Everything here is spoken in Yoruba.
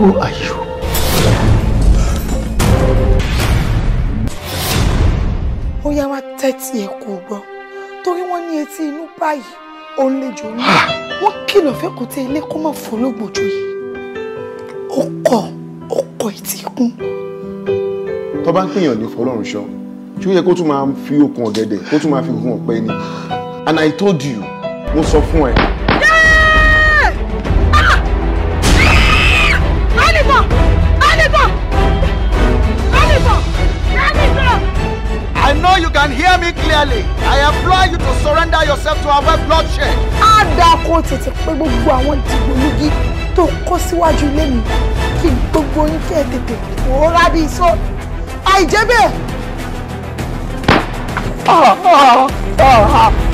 Who are you? Oh yeah, wá tẹ́tí ẹ̀ kò gbọ́ torí wọ́n ní etí inú báyìí ó ń lejò ní. Wọ́n kìlọ̀ fẹ́ kò tẹ ilé kó má fọlọ́gbòjò yìí. Ó kọ̀ ó kọ̀ etí ikún. You bá ń pèèyàn ní fọlọ́run ṣan, tí ó yẹ kó tún máa fi okùn ọ̀gẹ̀dẹ̀ kó tún And I told you, mo sọ fún know you can hear me clearly I implore you to surrender yourself to avoid bloodshed. á dáa kó tètè pé gbogbo àwọn dìgbòlugi tó kó síwájú ilé mi kí gbogbo yín kẹ́ ẹ tètè pòórá bíi sọ àìjẹ́ bẹ́ẹ̀. Ah, ah, ah,